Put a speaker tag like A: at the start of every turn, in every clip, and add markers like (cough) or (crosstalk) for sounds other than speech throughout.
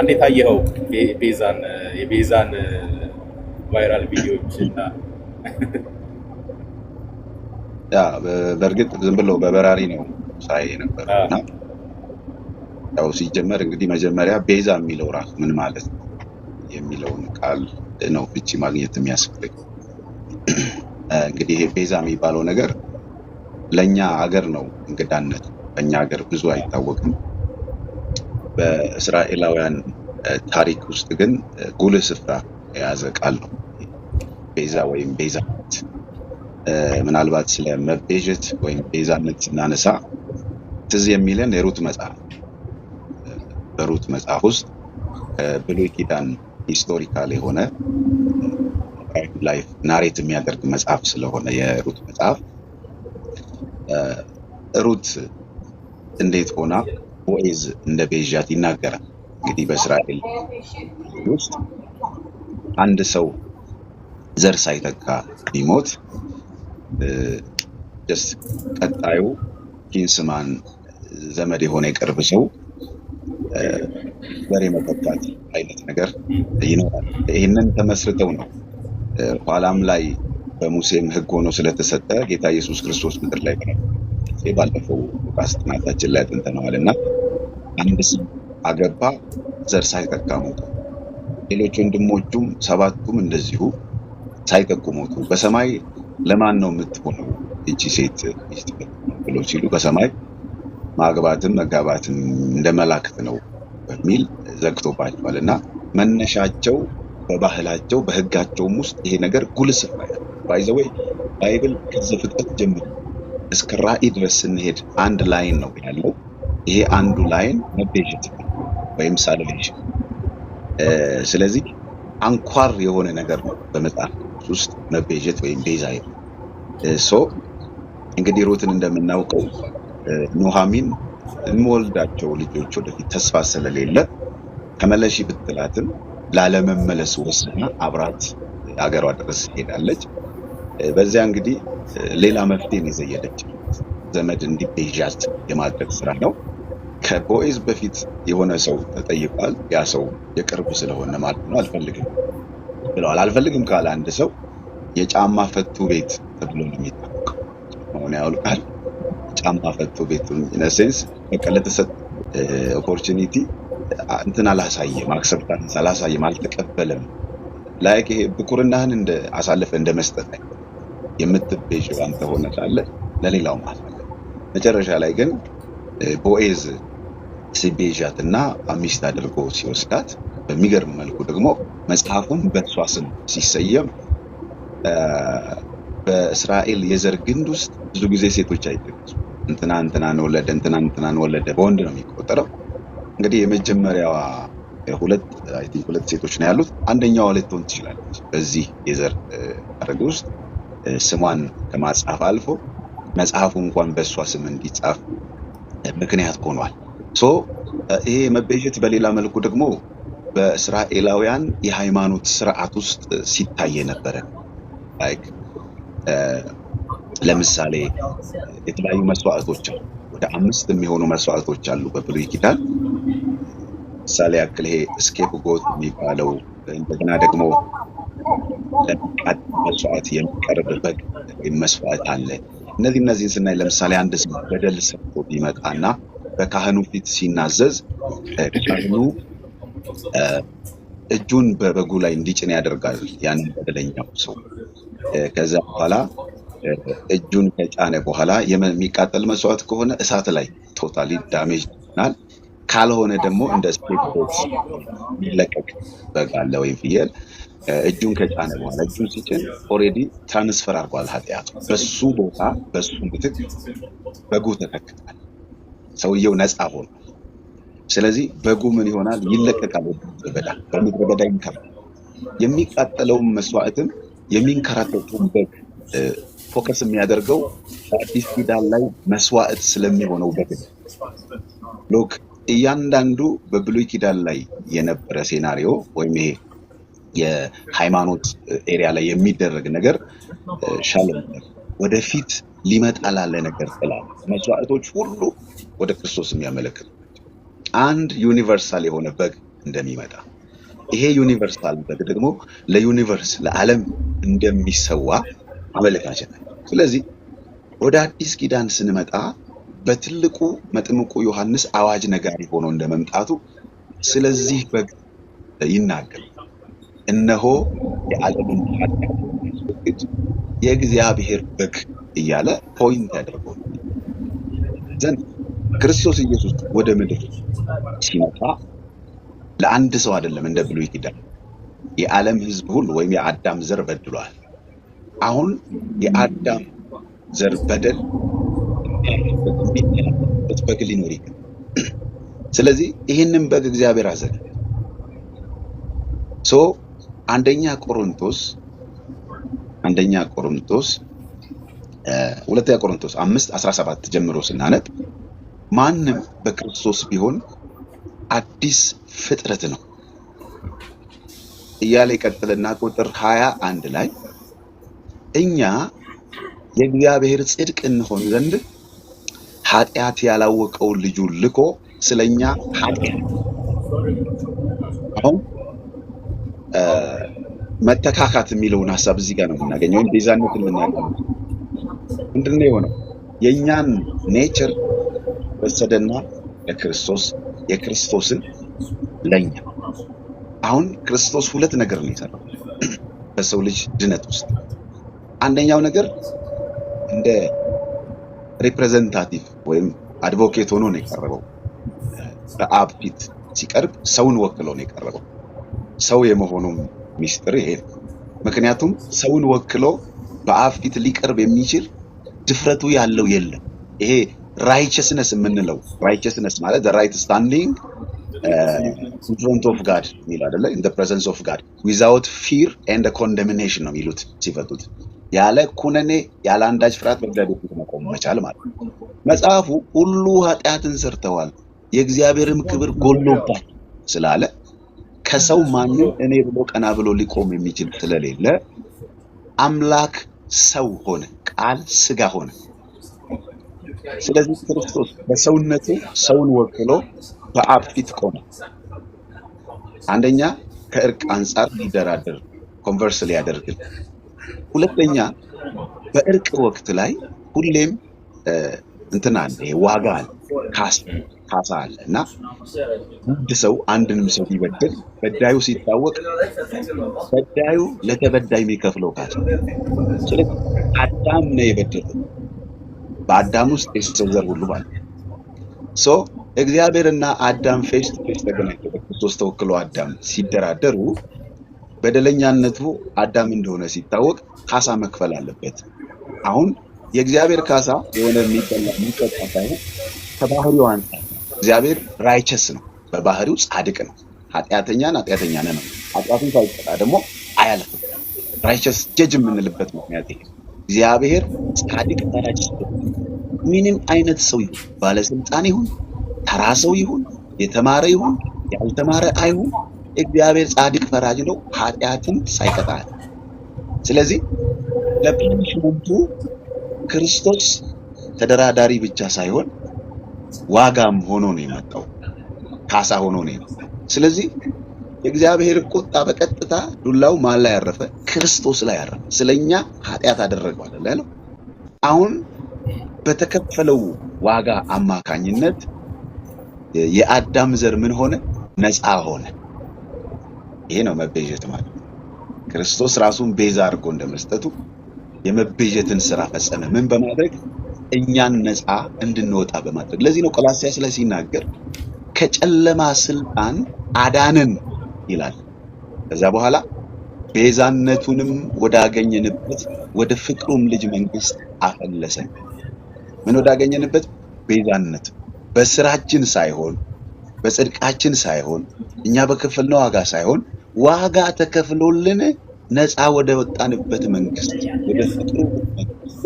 A: እንዴት አየኸው? ቤዛን የቤዛን ቫይራል ቪዲዮዎች እና
B: ያ በእርግጥ ዝም ብሎ በበራሪ ነው ሳይ ነበር እና ያው ሲጀመር እንግዲህ መጀመሪያ ቤዛ የሚለው ራሱ ምን ማለት ነው የሚለውን ቃል ነው ፍቺ ማግኘት የሚያስፈልግ። እንግዲህ ይሄ ቤዛ የሚባለው ነገር ለእኛ ሀገር ነው እንግዳነት። በእኛ ሀገር ብዙ አይታወቅም። በእስራኤላውያን ታሪክ ውስጥ ግን ጉልህ ስፍራ የያዘ ቃል ነው። ቤዛ ወይም ቤዛነት ምናልባት ስለ መቤዠት ወይም ቤዛነት ስናነሳ ትዝ የሚለን የሩት መጽሐፍ በሩት መጽሐፍ ውስጥ ብሉይ ኪዳን ሂስቶሪካል የሆነ ላይፍ ናሬት የሚያደርግ መጽሐፍ ስለሆነ የሩት መጽሐፍ ሩት እንዴት ሆና ቦዔዝ እንደ ቤዣት ይናገራል። እንግዲህ በእስራኤል ውስጥ አንድ ሰው ዘር ሳይተካ ቢሞት ጀስት ቀጣዩ ኪንስማን ዘመድ የሆነ የቅርብ ሰው ዘር የመተካት አይነት ነገር ይኖራል። ይህንን ተመስርተው ነው ኋላም ላይ በሙሴም ሕግ ሆኖ ስለተሰጠ ጌታ ኢየሱስ ክርስቶስ ምድር ላይ ባለፈው ቃስ ጥናታችን ላይ አጥንተነዋል እና አንድ አገባ ዘር ሳይተካ ሞተ። ሌሎች ወንድሞቹም ሰባቱም እንደዚሁ ሳይተኩ ሞቱ። በሰማይ ለማን ነው የምትሆነው እቺ ሴት ብሎ ሲሉ በሰማይ ማግባትም መጋባትም እንደ መላእክት ነው በሚል ዘግቶባቸዋል እና መነሻቸው በባህላቸው በህጋቸውም ውስጥ ይሄ ነገር ጉልህ ስፍራ ባይዘወይ ባይብል ከዘፍጥረት ጀምሮ እስከ ራእይ ድረስ ስንሄድ አንድ ላይን ነው ያለው። ይሄ አንዱ ላይን መቤዠት ወይም ሳልቬሽን። ስለዚህ አንኳር የሆነ ነገር ነው በመጽሐፍ ቅዱስ ውስጥ መቤዠት ወይም ቤዛ ሶ እንግዲህ ሩትን እንደምናውቀው ኖሃሚን እንወልዳቸው ልጆች ወደፊት ተስፋ ስለሌለ ተመለሺ ብትላትም ላለመመለስ ወስና አብራት አገሯ ድረስ ሄዳለች። በዚያ እንግዲህ ሌላ መፍትሄ ነው የዘየደች ዘመድ እንዲቤዣት የማድረግ ስራ ነው። ከቦይዝ በፊት የሆነ ሰው ተጠይቋል። ያ ሰው የቅርብ ስለሆነ ማለት ነው አልፈልግም ብለዋል። አልፈልግም ካለ አንድ ሰው የጫማ ፈቱ ቤት ተብሎ ነው የሚታወቀው። ያውልቃል። ጫማ ፈቱ ቤት ኢነሴንስ በቃ ለተሰጠ ኦፖርቹኒቲ እንትን አላሳየም፣ አክሰፕታንስ አላሳየም፣ አልተቀበለም። ላይክ ይሄ ብኩርናህን እንደ አሳልፈ እንደ መስጠት አይ የምትቤዥው አንተ ሆነ ካለ ለሌላው ማለት መጨረሻ ላይ ግን ቦኤዝ ሲቤዣት እና ሚስት አድርጎ ሲወስዳት በሚገርም መልኩ ደግሞ መጽሐፉም በእሷ ስም ሲሰየም በእስራኤል የዘር ግንድ ውስጥ ብዙ ጊዜ ሴቶች አይጠቀሱም። እንትና እንትናን ወለደ፣ እንትና እንትናን ወለደ በወንድ ነው የሚቆጠረው። እንግዲህ የመጀመሪያዋ ሁለት ሁለት ሴቶች ነው ያሉት። አንደኛዋ ልትሆን ትችላለች። በዚህ የዘር አረግ ውስጥ ስሟን ከማጻፍ አልፎ መጽሐፉ እንኳን በእሷ ስም እንዲጻፍ ምክንያት ሆኗል። ሶ ይሄ መቤዠት በሌላ መልኩ ደግሞ በእስራኤላውያን የሃይማኖት ስርዓት ውስጥ ሲታይ ነበረ። ለምሳሌ የተለያዩ መስዋዕቶች አሉ። ወደ አምስት የሚሆኑ መስዋዕቶች አሉ በብሉይ ኪዳን። ምሳሌ ያክል ይሄ ስኬፕ ጎት የሚባለው እንደገና ደግሞ ለቃጥ መስዋዕት የሚቀርብ በግ ወይም መስዋዕት አለ። እነዚህ እነዚህን ስናይ ለምሳሌ አንድ ሰው በደል ሰርቶ ቢመጣ እና በካህኑ ፊት ሲናዘዝ ካህኑ እጁን በበጉ ላይ እንዲጭን ያደርጋል። ያን በደለኛው ሰው ከዚያ በኋላ እጁን ከጫነ በኋላ የሚቃጠል መስዋዕት ከሆነ እሳት ላይ ቶታሊ ዳሜጅ ናል። ካልሆነ ደግሞ እንደ ስቴት ሚለቀቅ በጋለ ወይም ፍየል እጁን ከጫነ በኋላ እጁን ሲጭን ኦሬዲ ትራንስፈር አድርጓል ኃጢአቱ። በሱ ቦታ በሱ ምትክ በጉ ተተክቷል። ሰውየው ነፃ ሆኖ ስለዚህ በጉ ምን ይሆናል? ይለቀቃል፣ በዳ በምድረ በዳ ይንከራል። የሚቃጠለውን መስዋዕትም የሚንከራተቱን በግ ፎከስ የሚያደርገው በአዲስ ኪዳን ላይ መስዋዕት ስለሚሆነው በግ ሎክ እያንዳንዱ በብሉይ ኪዳን ላይ የነበረ ሴናሪዮ ወይም ይሄ የሃይማኖት ኤሪያ ላይ የሚደረግ ነገር ሻለም ወደፊት ሊመጣ ላለ ነገር ጥላል መስዋዕቶች ሁሉ ወደ ክርስቶስ የሚያመለክት አንድ ዩኒቨርሳል የሆነ በግ እንደሚመጣ ይሄ ዩኒቨርሳል በግ ደግሞ ለዩኒቨርስ ለዓለም እንደሚሰዋ አመለካች ነው። ስለዚህ ወደ አዲስ ኪዳን ስንመጣ በትልቁ መጥምቁ ዮሐንስ አዋጅ ነጋሪ ሆኖ እንደመምጣቱ ስለዚህ በግ ይናገር። እነሆ የዓለምን የእግዚአብሔር በግ እያለ ፖይንት ያደርገው ዘንድ ክርስቶስ ኢየሱስ ወደ ምድር ሲመጣ ለአንድ ሰው አይደለም። እንደ ብሉይ ኪዳን የዓለም ሕዝብ ሁሉ ወይም የአዳም ዘር በድሏል። አሁን የአዳም ዘር በደል የሚጠላበት በግ ሊኖር ስለዚህ ይህንን በግ እግዚአብሔር አዘጋጀ። ሶ አንደኛ ቆሮንቶስ አንደኛ ቆሮንቶስ ሁለተኛ ቆሮንቶስ አምስት አስራ ሰባት ጀምሮ ስናነብ ማንም በክርስቶስ ቢሆን አዲስ ፍጥረት ነው እያለ ይቀጥልና ቁጥር ሀያ አንድ ላይ እኛ የእግዚአብሔር ጽድቅ እንሆን ዘንድ ኃጢአት ያላወቀውን ልጁ ልኮ ስለኛ ኃጢአት አሁን መተካካት የሚለውን ሀሳብ እዚህ ጋር ነው የምናገኘው፣ ወይም ቤዛነት የምናገኘው ምንድን ነው የሆነው? የእኛን ኔቸር ወሰደና ለክርስቶስ የክርስቶስን ለኛ። አሁን ክርስቶስ ሁለት ነገር ነው የሰራው በሰው ልጅ ድነት ውስጥ። አንደኛው ነገር እንደ ሪፕሬዘንታቲቭ ወይም አድቮኬት ሆኖ ነው የቀረበው። በአብ ፊት ሲቀርብ ሰውን ወክሎ ነው የቀረበው። ሰው የመሆኑም ሚስጥር ይሄ ነው። ምክንያቱም ሰውን ወክሎ በአብ ፊት ሊቀርብ የሚችል ድፍረቱ ያለው የለም። ይሄ ራይቸስነስ የምንለው ራይቸስነስ ማለት ራይት ስታንዲንግ ኢንፍሮንት ኦፍ ጋድ ሚል አደለ ኢን ፕሬዘንስ ኦፍ ጋድ ዊዛውት ፊር ኤንድ ኮንደሚኔሽን ነው የሚሉት ሲፈቱት፣ ያለ ኩነኔ ያለ አንዳች ፍርሃት በእግዚአብሔር ፊት መቆም መቻል ማለት ነው። መጽሐፉ ሁሉ ኃጢአትን ሰርተዋል የእግዚአብሔርም ክብር ጎሎባት ስላለ ከሰው ማንም እኔ ብሎ ቀና ብሎ ሊቆም የሚችል ስለሌለ አምላክ ሰው ሆነ። ቃል ስጋ ሆነ። ስለዚህ ክርስቶስ በሰውነቱ ሰውን ወክሎ በአብ ፊት ቆመ። አንደኛ ከእርቅ አንጻር ሊደራደር ኮንቨርስ ሊያደርግል፣ ሁለተኛ በእርቅ ወቅት ላይ ሁሌም እንትን አለ፣ ዋጋ አለ፣ ካስ ካሳ አለ እና አንድ ሰው አንድንም ሰው ቢበድል በዳዩ ሲታወቅ በዳዩ ለተበዳይ የሚከፍለው ካሳ። ስለዚህ አዳም ነው የበደለው። በአዳም ውስጥ የሰው ዘር ሁሉ ማለት ሶ እግዚአብሔርና አዳም ፌስ ቱ ፌስ ተገናኝተው ክርስቶስ ተወክለው አዳም ሲደራደሩ በደለኛነቱ አዳም እንደሆነ ሲታወቅ ካሳ መክፈል አለበት። አሁን የእግዚአብሔር ካሳ የሆነ የሚጠላ የሚቀጣ ሳይሆን ከባህሪው አንጻር እግዚአብሔር ራይቸስ ነው፣ በባህሪው ጻድቅ ነው። ኃጢአተኛን ኃጢአተኛ ነው። ኃጢአቱን ሳይቀጣ ደግሞ አያልፍም። ራይቸስ ጀጅ የምንልበት ምክንያት ይሄ እግዚአብሔር ጻድቅ ራይቸስ፣ ምንም አይነት ሰው ይሁን፣ ባለስልጣን ይሁን፣ ተራ ሰው ይሁን፣ የተማረ ይሁን፣ ያልተማረ አይሁን፣ እግዚአብሔር ጻድቅ ፈራጅ ነው። ኃጢአትን ሳይቀጣ ስለዚህ ለፕሪንሽመንቱ ክርስቶስ ተደራዳሪ ብቻ ሳይሆን ዋጋም ሆኖ ነው የመጣው፣ ካሳ ሆኖ ነው የመጣው። ስለዚህ የእግዚአብሔር ቁጣ በቀጥታ ዱላው ማን ላይ ያረፈ? ክርስቶስ ላይ ያረፈ። ስለኛ ኃጢአት አደረገው አይደል ያለው። አሁን በተከፈለው ዋጋ አማካኝነት የአዳም ዘር ምን ሆነ? ነፃ ሆነ። ይሄ ነው መቤዠት ማለት። ክርስቶስ ራሱን ቤዛ አድርጎ እንደመስጠቱ የመቤዠትን ስራ ፈጸመ። ምን በማድረግ እኛን ነፃ እንድንወጣ በማድረግ ለዚህ ነው ቆላሲያስ ላይ ሲናገር ከጨለማ ስልጣን አዳንን ይላል። ከዛ በኋላ ቤዛነቱንም ወዳገኘንበት ወደ ፍቅሩም ልጅ መንግስት አፈለሰን። ምን ወዳገኘንበት ቤዛነት በስራችን ሳይሆን በጽድቃችን ሳይሆን እኛ በከፈልነው ዋጋ ሳይሆን ዋጋ ተከፍሎልን ነፃ ወደ ወጣንበት መንግስት ወደ ፍቅሩ መንግስት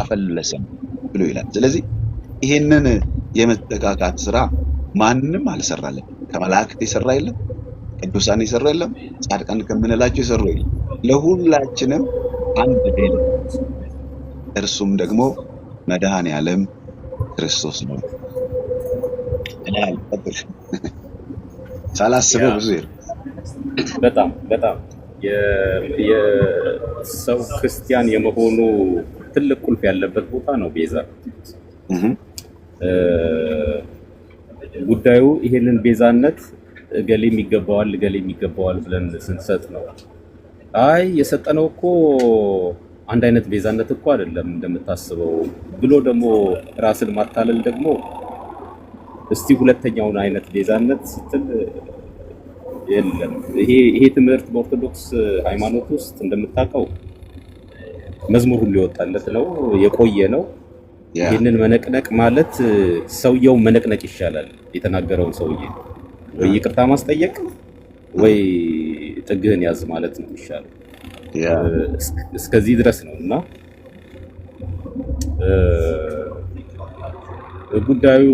B: አፈለሰን። ብሎ ይላል። ስለዚህ ይሄንን የመጠቃቃት ስራ ማንም አልሰራለን። ከመላእክት የሰራ የለም፣ ቅዱሳን የሰራ የለም፣ ጻድቃን ከምንላቸው የሰሩ የለም። ለሁላችንም አንድ ቤል እርሱም ደግሞ መድኃኔ ዓለም ክርስቶስ ነው። ሳላስበው ብዙ
A: በጣም በጣም የሰው ክርስቲያን የመሆኑ እንቅልፍ ያለበት ቦታ ነው ቤዛ። ጉዳዩ ይሄንን ቤዛነት እገሌ የሚገባዋል ገሌ የሚገባዋል ብለን ስንሰጥ ነው። አይ የሰጠነው እኮ አንድ አይነት ቤዛነት እኮ አይደለም እንደምታስበው ብሎ ደግሞ ራስን ማታለል ደግሞ እስቲ ሁለተኛውን አይነት ቤዛነት ስትል የለም። ይሄ ትምህርት በኦርቶዶክስ ሃይማኖት ውስጥ እንደምታውቀው መዝሙር ሁሉ ይወጣለት ነው፣ የቆየ ነው። ይህንን መነቅነቅ ማለት ሰውየው መነቅነቅ ይሻላል። የተናገረውን ሰውዬ ወይ ይቅርታ ማስጠየቅ ወይ ጥግህን ያዝ ማለት ነው ይሻላል። እስከዚህ ድረስ ነው እና ጉዳዩ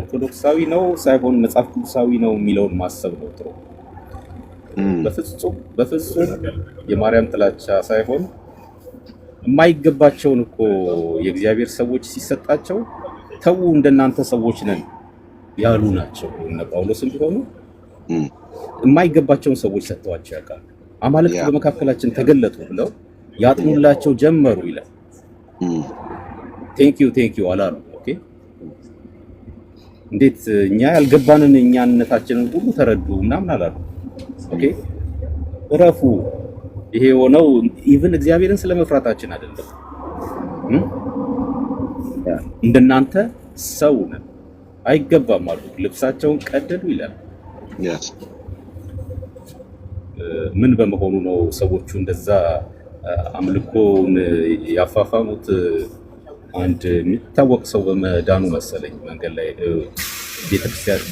A: ኦርቶዶክሳዊ ነው ሳይሆን መጽሐፍ ቅዱሳዊ ነው የሚለውን ማሰብ ነው ጥሩ። በፍጹም በፍጹም የማርያም ጥላቻ ሳይሆን የማይገባቸውን እኮ የእግዚአብሔር ሰዎች ሲሰጣቸው ተዉ እንደናንተ ሰዎች ነን ያሉ ናቸው። እነ ጳውሎስም ቢሆኑ የማይገባቸውን ሰዎች ሰጥተዋቸው ያውቃሉ። አማልክት በመካከላችን ተገለጡ ብለው ያጥኑላቸው ጀመሩ ይላል። ቴንኪዩ ቴንኪዩ አላሉ። ኦኬ እንዴት እኛ ያልገባንን እኛነታችንን ሁሉ ተረዱ ምናምን አላሉ። ኦኬ እረፉ ይሄ የሆነው ኢቭን እግዚአብሔርን ስለመፍራታችን አይደለም። እንደናንተ ሰው ነን አይገባም አሉ። ልብሳቸውን ቀደዱ ይላል። ምን በመሆኑ ነው ሰዎቹ እንደዛ አምልኮውን ያፋፋሙት? አንድ የሚታወቅ ሰው በመዳኑ መሰለኝ መንገድ ላይ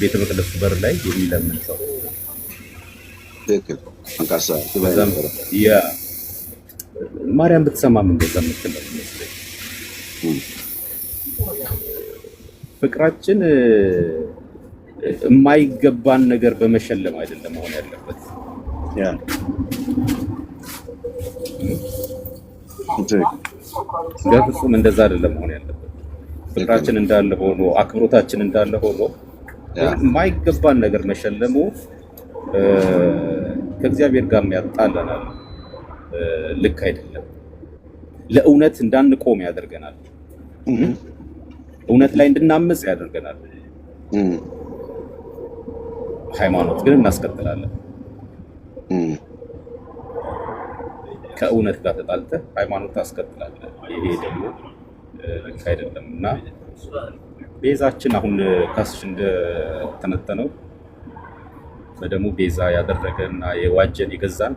A: ቤተ መቅደሱ በር ላይ የሚለምን ሰው ትክክል አንካሳ ማርያም ብትሰማም እንደዛ የምትለው ይመስለኝ። ፍቅራችን የማይገባን ነገር በመሸለም አይደለም መሆን ያለበት። በፍጹም እንደዛ አይደለም መሆን ያለበት። ፍቅራችን እንዳለ ሆኖ አክብሮታችን እንዳለ ሆኖ የማይገባን ነገር መሸለሙ ከእግዚአብሔር ጋር ያጣለናል። ልክ አይደለም። ለእውነት እንዳንቆም ያደርገናል። እውነት ላይ እንድናመፅ ያደርገናል። ሃይማኖት ግን እናስቀጥላለን። ከእውነት ጋር ተጣልተ ሃይማኖት ታስቀጥላለን። ይሄ ደግሞ ልክ አይደለም እና ቤዛችን አሁን ካስሽ እንደተነተነው በደሙ ቤዛ ያደረገና የዋጀን የገዛን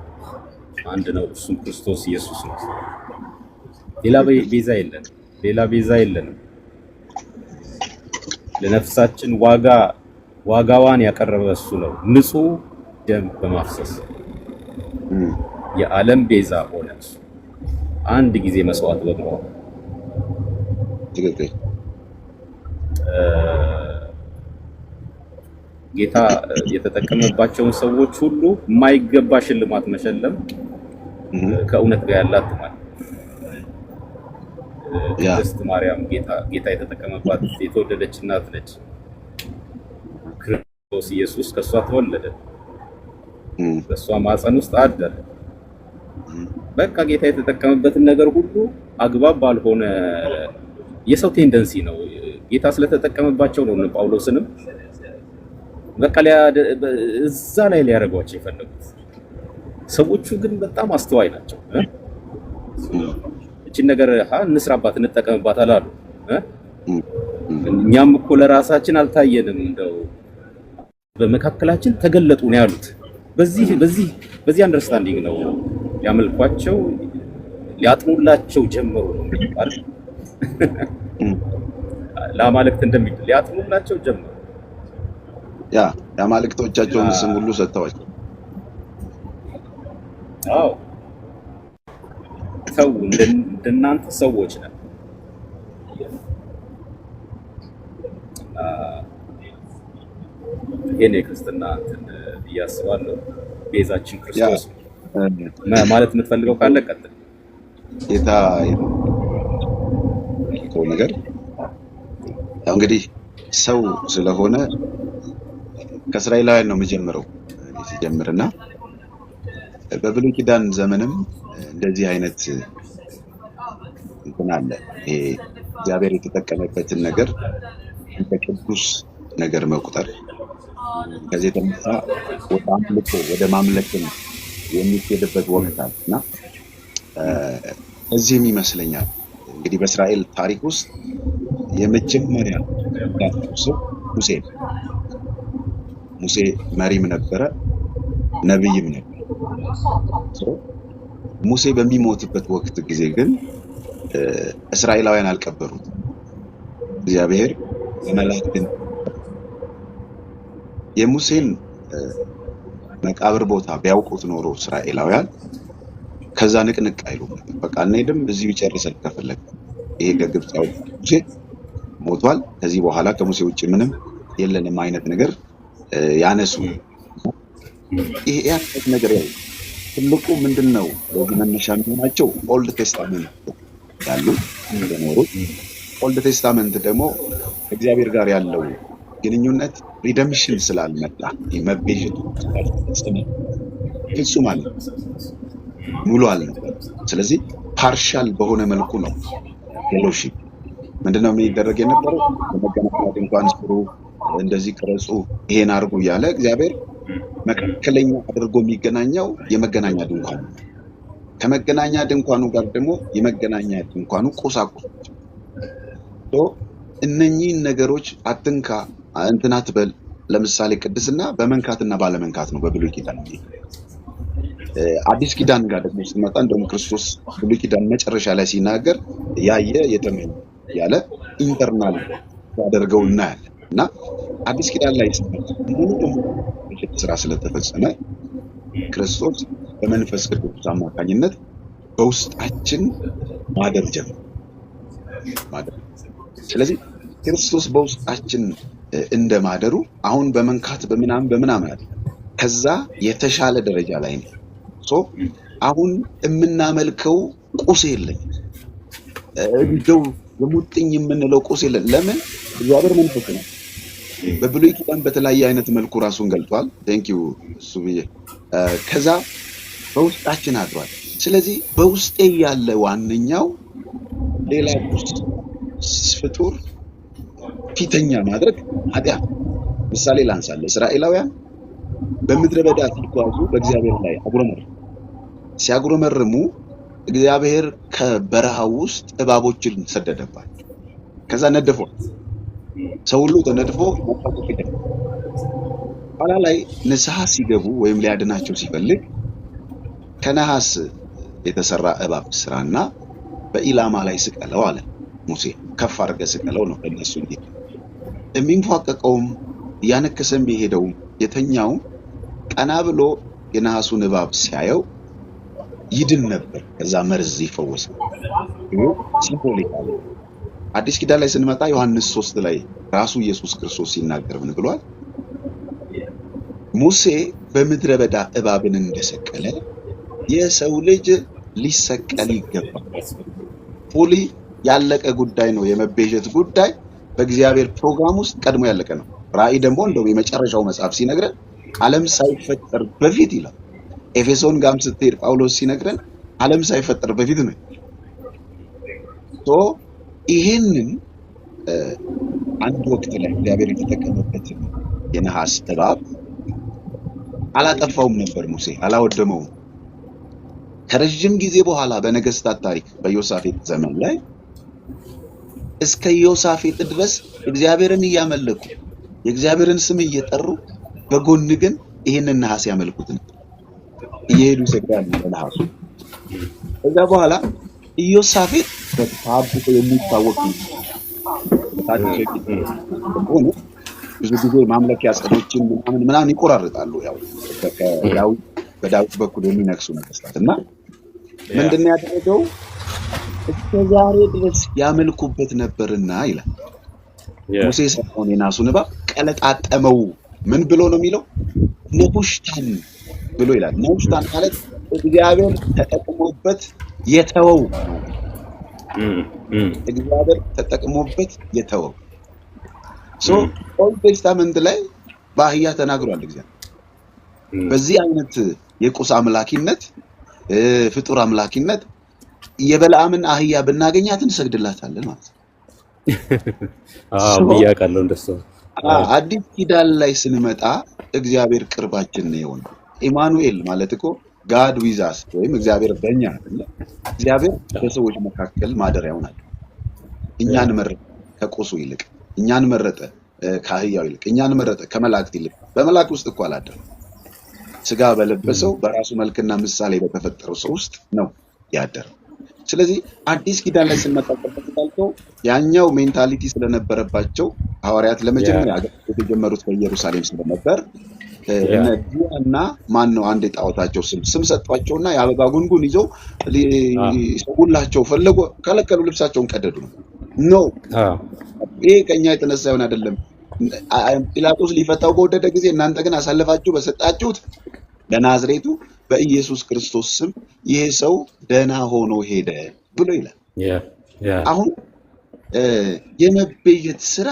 A: አንድ ነው፣ እሱም ክርስቶስ ኢየሱስ ነው። ሌላ ቤዛ የለንም። ሌላ ቤዛ የለንም። ለነፍሳችን ዋጋ ዋጋዋን ያቀረበ እሱ ነው፣ ንጹሕ ደም በማፍሰስ የዓለም ቤዛ ሆነ አንድ ጊዜ መስዋዕት በመሆን ጌታ የተጠቀመባቸውን ሰዎች ሁሉ የማይገባ ሽልማት መሸለም ከእውነት ጋር ያላት ማለት ቅድስት ማርያም ጌታ የተጠቀመባት የተወደደች እናት ነች። ክርስቶስ ኢየሱስ ከእሷ ተወለደ፣ በእሷ ማፀን ውስጥ አደረ። በቃ ጌታ የተጠቀመበትን ነገር ሁሉ አግባብ ባልሆነ የሰው ቴንደንሲ ነው ጌታ ስለተጠቀመባቸው ነው ጳውሎስንም በቃ እዛ ላይ ሊያደርጓቸው የፈለጉት ሰዎቹ ግን በጣም አስተዋይ ናቸው። እችን ነገር እንስራባት እንጠቀምባት አላሉ። እኛም እኮ ለራሳችን አልታየንም፣ እንደው በመካከላችን ተገለጡ ነው ያሉት። በዚህ በዚህ በዚህ አንደርስታንዲንግ ነው ያመልኳቸው ሊያጥኑላቸው ጀመሩ ነው ለአማልክት ሊያጥኑላቸው ጀመሩ። ያ የአማልክቶቻቸውን ስም ሁሉ ሰጥተዋቸው አዎ ሰው እንደናንተ ሰዎች ነን። ይሄን የክርስትና እንትን ብዬ አስባለሁ። ቤዛችን ክርስቶስ ማለት የምትፈልገው ካለ ቀጥል። ጌታ ነገር ያው እንግዲህ ሰው ስለሆነ ከእስራኤላውያን ነው የምጀምረው ሲጀምርና በብሉይ ኪዳን ዘመንም እንደዚህ አይነት እንትን አለ። ይሄ እግዚአብሔር የተጠቀመበትን ነገር እንደ ቅዱስ ነገር መቁጠር ከዚህ የተነሳ ወደ አምልኮ ወደ ማምለክን የሚሄድበት ወቅት አለ እና እዚህም ይመስለኛል እንግዲህ በእስራኤል ታሪክ ውስጥ የመጀመሪያ ሙሴ ሙሴ መሪም ነበረ፣ ነብይም ነበር። ሙሴ በሚሞትበት ወቅት ጊዜ ግን እስራኤላውያን አልቀበሩት። እግዚአብሔር በመላእክት የሙሴን መቃብር ቦታ ቢያውቁት ኖሮ እስራኤላውያን ከዛ ንቅንቅ አይሉ በቃ እንሂድም እዚሁ ይጨርሰን ከፈለገ ይሄ ከግብፃዊ ሙሴ ሞቷል፣ ከዚህ በኋላ ከሙሴ ውጭ ምንም የለንም አይነት ነገር ያነሱ ይሄ ይህ ነገር ያለ ትልቁ ምንድን ነው? በዚህ መነሻ የሚሆናቸው ኦልድ ቴስታመንት ያሉ የኖሩት ኦልድ ቴስታመንት ደግሞ እግዚአብሔር ጋር ያለው ግንኙነት ሪደምሽን ስላልመጣ መቤዥን ፍጹም አለ ሙሉ አለ። ስለዚህ ፓርሻል በሆነ መልኩ ነው ፌሎሺፕ ምንድነው የሚደረግ የነበረው በመገናኛት ድንኳን ስሩ እንደዚህ ቅረጹ፣ ይሄን አድርጉ እያለ እግዚአብሔር መካከለኛ አድርጎ የሚገናኘው የመገናኛ ድንኳኑ ከመገናኛ ድንኳኑ ጋር ደግሞ የመገናኛ ድንኳኑ ቁሳቁሶች እነኚህን ነገሮች አትንካ፣ እንትን አትበል። ለምሳሌ ቅድስና በመንካትና ባለመንካት ነው በብሉይ ኪዳን። አዲስ ኪዳን ጋር ደግሞ ስንመጣ እንደውም ክርስቶስ ብሉይ ኪዳን መጨረሻ ላይ ሲናገር ያየ የተመኘ ያለ ኢንተርናል ያደርገው እናያለን። እና አዲስ ኪዳን ላይ ሙሉ በሙሉ ስራ ስለተፈጸመ ክርስቶስ በመንፈስ ቅዱስ አማካኝነት በውስጣችን ማደር ጀምር ማደር። ስለዚህ ክርስቶስ በውስጣችን እንደ ማደሩ አሁን በመንካት በምናምን በምናምን አለ ከዛ የተሻለ ደረጃ ላይ ነው። ሶ አሁን የምናመልከው ቁስ የለኝ እንደው የሙጥኝ የምንለው ቁስ የለን። ለምን? እግዚአብሔር መንፈስ ነው። በብሉይ ኪዳን በተለያየ አይነት መልኩ ራሱን ገልጧል። ቴንክ እሱ ብዬ ከዛ በውስጣችን አድሯል። ስለዚህ በውስጤ ያለ ዋነኛው ሌላ ፍጡር ፊተኛ ማድረግ ኃጢአት። ምሳሌ ላንሳለ። እስራኤላውያን በምድረ በዳ ሲጓዙ በእግዚአብሔር ላይ አጉረመር ሲያጉረመርሙ እግዚአብሔር ከበረሃው ውስጥ እባቦችን ሰደደባቸው። ከዛ ነደፏል። ሰው ሁሉ ተነድፎ ኋላ ላይ ንስሐ ሲገቡ ወይም ሊያድናቸው ሲፈልግ ከነሐስ የተሰራ እባብ ስራና በኢላማ ላይ ስቀለው አለ ሙሴ። ከፍ አድርገ ስቀለው ነው ለነሱ እ የሚንፏቀቀውም እያነከሰ የሚሄደውም የተኛውም ቀና ብሎ የነሐሱን እባብ ሲያየው ይድን ነበር። ከዛ መርዝ ይፈወሳል። ሲምቦሊክ አዲስ ኪዳን ላይ ስንመጣ ዮሐንስ ሶስት ላይ ራሱ ኢየሱስ ክርስቶስ ሲናገር ምን ብሏል? ሙሴ በምድረ በዳ እባብን እንደሰቀለ የሰው ልጅ ሊሰቀል ይገባል። ፉሊ ያለቀ ጉዳይ ነው። የመቤዠት ጉዳይ በእግዚአብሔር ፕሮግራም ውስጥ ቀድሞ ያለቀ ነው። ራእይ ደግሞ እንደው የመጨረሻው መጽሐፍ ሲነግረን ዓለም ሳይፈጠር በፊት ይላል። ኤፌሶን ጋም ስትሄድ ጳውሎስ ሲነግረን ዓለም ሳይፈጠር በፊት ነው ይህንን አንድ ወቅት ላይ እግዚአብሔር የተጠቀመበትን የነሐስ እባብ አላጠፋውም ነበር ሙሴ አላወደመውም። ከረዥም ጊዜ በኋላ በነገስታት ታሪክ በዮሳፌጥ ዘመን ላይ እስከ ዮሳፌጥ ድረስ እግዚአብሔርን እያመለኩ የእግዚአብሔርን ስም እየጠሩ በጎን ግን ይህንን ነሐስ ያመልኩት ነው እየሄዱ ይሰግዳሉ ለነሐሱ ከዛ በኋላ ኢዮሳፌጥ በተጣብቆ የሚታወቅ ነው። ብዙ ጊዜ ማምለኪያ ጽኖችን ምናምን ምናምን ይቆራርጣሉ። ያው በዳዊት በኩል የሚነግሱ ነገስታት እና ምንድን ያደረገው እስከ ዛሬ ድረስ ያመልኩበት ነበርና ይላል ሙሴ ሳይሆን የናሱን እባብ ቀለጣጠመው። ምን ብሎ ነው የሚለው? ነቡሽታን ብሎ ይላል። ነቡሽታን ማለት እግዚአብሔር ተጠቅሞበት የተወው ነው። እግዚአብሔር ተጠቅሞበት የተወው ኦልድ ቴስታመንት ላይ በአህያ ተናግሯል። እግዚአብሔር በዚህ አይነት የቁስ አምላኪነት ፍጡር አምላኪነት የበለዓምን አህያ ብናገኛት እንሰግድላታለን ማለት ነው። (laughs) እንደሱ። አዲስ ኪዳን ላይ ስንመጣ እግዚአብሔር ቅርባችን ነው የሆነው። ኢማኑኤል ማለት እኮ ጋድ ዊዛስ ወይም እግዚአብሔር በኛ አይደለ። እግዚአብሔር በሰዎች መካከል ማደሪያው ናቸው። እኛን መረጠ ከቁሱ ይልቅ፣ እኛን መረጠ ከአህያው ይልቅ፣ እኛን መረጠ ከመላእክት ይልቅ። በመላእክት ውስጥ እኮ አላደረም። ስጋ በለበሰው በራሱ መልክና ምሳሌ በተፈጠረው ሰው ውስጥ ነው ያደረው። ስለዚህ አዲስ ኪዳን ላይ ስንመጣ ያኛው ሜንታሊቲ ስለነበረባቸው ሐዋርያት ለመጀመሪያ አገልግሎት የጀመሩት በኢየሩሳሌም ስለነበር እና ማን ነው አንድ የጣዖታቸው ስም ስም ሰጧቸውና የአበባ ጉንጉን ይዘው ሰውላቸው ፈለጉ፣ ከለከሉ፣ ልብሳቸውን ቀደዱ። ኖ ይሄ ከኛ የተነሳ ይሆን አይደለም። ጲላጦስ ሊፈታው በወደደ ጊዜ እናንተ ግን አሳልፋችሁ በሰጣችሁት በናዝሬቱ በኢየሱስ ክርስቶስ ስም ይሄ ሰው ደህና ሆኖ ሄደ ብሎ ይላል። አሁን የመበየት ስራ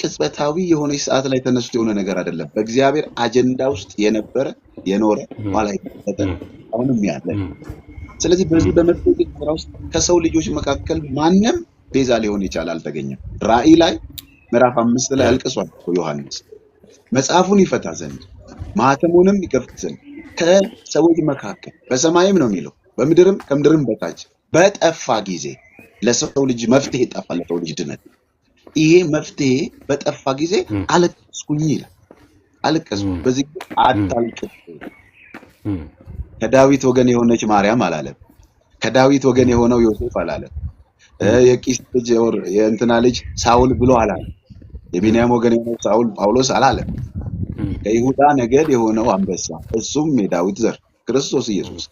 A: ቅጽበታዊ የሆነች ሰዓት ላይ ተነስቶ የሆነ ነገር አይደለም። በእግዚአብሔር አጀንዳ ውስጥ የነበረ የኖረ ኋላ የተሰጠ አሁንም ያለ። ስለዚህ በዚህ በመጥቶ ስራ ውስጥ ከሰው ልጆች መካከል ማንም ቤዛ ሊሆን ይቻል አልተገኘም። ራእይ ላይ ምዕራፍ አምስት ላይ አልቅሷል ዮሐንስ መጽሐፉን ይፈታ ዘንድ ማህተሙንም ይከፍት ዘንድ ከሰዎች መካከል በሰማይም ነው የሚለው በምድርም ከምድርም በታች በጠፋ ጊዜ ለሰው ልጅ መፍትሄ ጠፋ ለሰው ልጅ ድነት ይሄ መፍትሄ በጠፋ ጊዜ አለቀስኩኝ ይላል። አለቀስኩ በዚህ አታልቅ። ከዳዊት ወገን የሆነች ማርያም አላለም። ከዳዊት ወገን የሆነው ዮሴፍ አላለም። የቂስ ልጅ ወር የእንትና ልጅ ሳውል ብሎ አላለም። የቢንያም ወገን የሆነው ሳውል ጳውሎስ አላለም። ከይሁዳ ነገድ የሆነው አንበሳ እሱም የዳዊት ዘር ክርስቶስ ኢየሱስ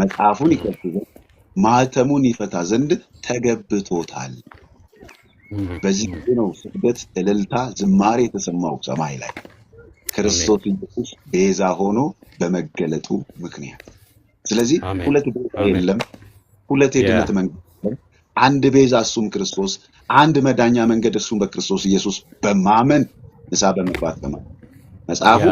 A: መጽሐፉን ይከፍት ዘንድ ይፈታ ዘንድ ተገብቶታል። በዚህ ጊዜ ነው ስግደት፣ እልልታ፣ ዝማሬ የተሰማው ሰማይ ላይ ክርስቶስ ኢየሱስ ቤዛ ሆኖ በመገለጡ ምክንያት። ስለዚህ ሁለት ቤዛ የለም፣ ሁለት የድነት መንገድ አንድ ቤዛ እሱም ክርስቶስ፣ አንድ መዳኛ መንገድ እሱም በክርስቶስ ኢየሱስ በማመን ንስሐ በመግባት በማመን መጽሐፉ